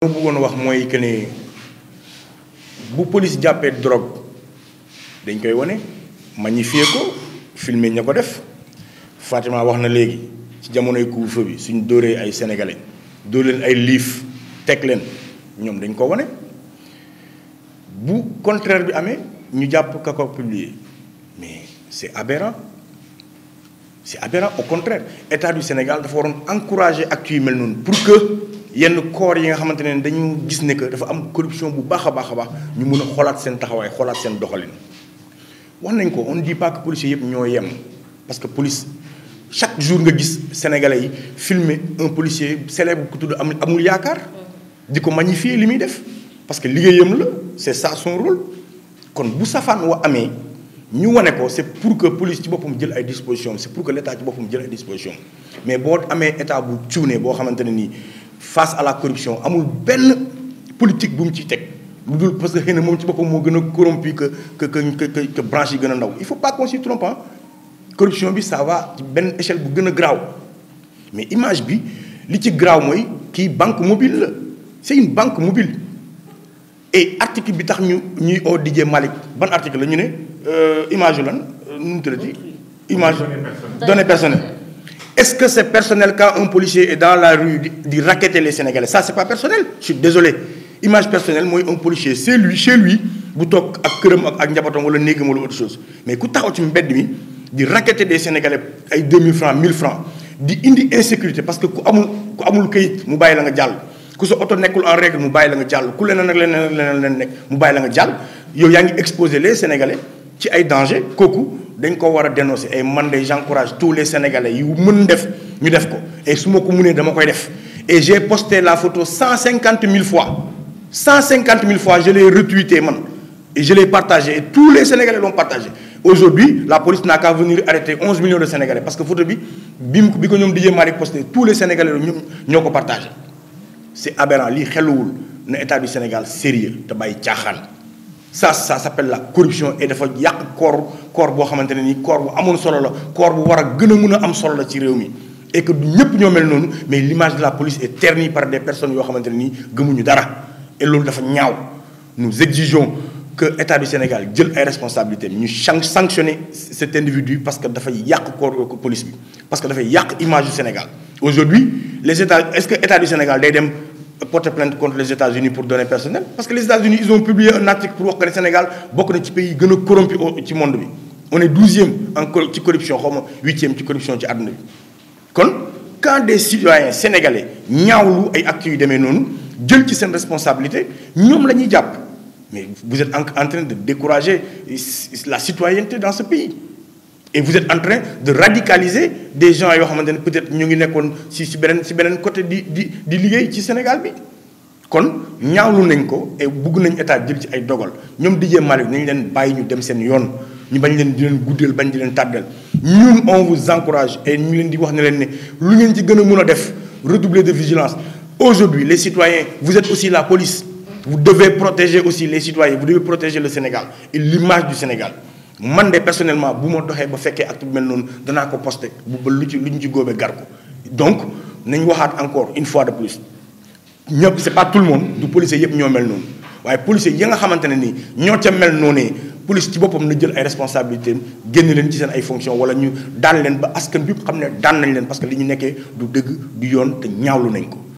lu bëggoon wax mooy que ne bu police jàppee drogue dañ koy wane magnifier ko filmer ña ko def Fatima wax na léegi ci jamonoy couvre-feu bi suñ dóoree ay sénégalais dóor ay liif teg leen ñoom dañ ko wane bu contraire bi amee ñu jàpp ka ko mais c' est aberrant c' est aberrant au contraire état du Sénégal dafa waroon encourager actes yu mel noonu pour que yenn corps yi nga xamante ne dañu gis ne que dafa am corruption bu baax a baax a baax ñu mun a xoolaat seen taxawaay xoolaat seen doxalin. wax nañ ko on ne dit pas que yëpp ñoo yem parce que police chaque jour nga gis sénégalais yi filmer un policier célèbre ku tudd amul yaakaar. di ko magnifier li muy def parce que liggéeyam la c'est ça son role kon bu safaan wa amee ñu wane ko c'est pour que police ci boppam jël ay dispositions c'est pour que l'État ci boppam jël ay dispositions mais boo amee état bu cuune boo xamante ne nii face à la corruption amul benn politique bu mu ciy teg lu dul parce que xëy moom ci boppam moo gën a corrompu que que que que branche yi gën a ndaw il faut pas qu'on s'y trompe corruption bi ça va benn échelle bu gën a graaw mais image bi li ci graaw mooy kii banque mobile c'est une banque mobile et article bi tax ñu ñuy oo DJ Malick ban article la ñu ne euh, image lan euh, nu mu tëddati image données personnel est-ce que c'est personnel quand un policier est dans la rue di di racketter les Sénégalais ça c'est pas personnel je suis désolé image personnelle mooy un policier c'est lui chez lui bu toog ak këram ak ak njabootam wala néegam wala autre chose mais ku taxaw ci mbedd mi di racketter des Sénégalais ay 2000 francs mille francs di indi insécurité parce que ku amul ku amul këyit mu bàyyi la nga jàll ku sa oto nekkul en règle mu bàyyi la nga jàll ku leneen ak leneen ak leneen leen nekk mu bàyyi la nga jàll yow yaa ngi exposé les sénégalais ci ay danger kooku dañ ko war a dénoncer et man de j'encourage tous les sénégalais yu mën def ñu def ko et su ma ko mënee dama koy def et j'ai posté la photo cent cinquante mille fois cent cinquante mille fois je l'ai retweeté man et je l'ai partagé et tous les sénégalais l'ont partagé aujourd'hui la police n'a qu'à venir arrêter onze millions de sénégalais parce que photo bi bi bi ko ñoom Dijé Mari posté tous les sénégalais ñoom ñoo ko partagé c'est aberrant lii xeluwul na état du Sénégal sérieux te bàyyi caaxaan ça sa s'appelle la corruption et dafa yàq koor koor boo xamante ne nii koor bu solo la koor bu war a gën a mun a am solo la ci réew mi et ñëpp ñoo mel noonu l'image la police est ternie par des personnes yoo xamante ne nii gëmuñu dara et loolu dafa ñaaw nous exigeons que état du Sénégal jël ay responsabilités ñu chan sanctionner cet individu parce que dafay yàq koor police bi parce que dafa yàq image du Sénégal aujourd'hui les États est-ce que État du Sénégal day dem porter plainte contre les États-Unis pour données personnelles parce que les États-Unis ils ont publié un article pour wax que Sénégal bokk na ci pays yi gën a corrompu ci monde bi on est douzième en corruption huitième ci corruption ci àdduna bi kon quand des citoyens sénégalais ñaawlu ay actes yu demee noonu jël ci seen responsabilité ñoom la ñuy jàpp mais vous êtes en train de décourager la citoyenneté dans ce et vous êtes en train de radicaliser des gens yoo xamante ne peut-être ñu ngi nekkoon ci si beneen ci beneen côté di di di liggéey ci Sénégal bi kon ñaawlu nañ ko et bugg nañ état jël ci ay dogal ñoom DJ Malick nañ leen bàyyi ñu dem seen yoon ñu bañ leen di leen guddeel bañ di leen tàddal ñun on vous encourage et ñu leen di wax ne leen ne lu ngeen ci gën a mën a def redoubler de vigilance aujourd'hui les citoyens vous êtes aussi la police vous devez protéger les citoyens vous devez protéger le Sénégal et l'image du Sénégal man de personnellement bu ma doxee ba fekkee ak bu mel noonu danaa ko posté bu ba lu ci lu ñu ci góobee gar ko donc nañ waxaat encore une fois de plus ñëpp c'est pas tout le monde du policier yëpp ñoo mel noonu waaye policier yi nga xamante ne nii ñoo ca mel noonee police ci boppam na jël ay responsabilités génn leen ci seen ay fonctions wala ñu daan leen ba askan bi xam ne daan nañ leen parce que li ñu nekkee du dëgg du yoon te ñaawlu nañ ko.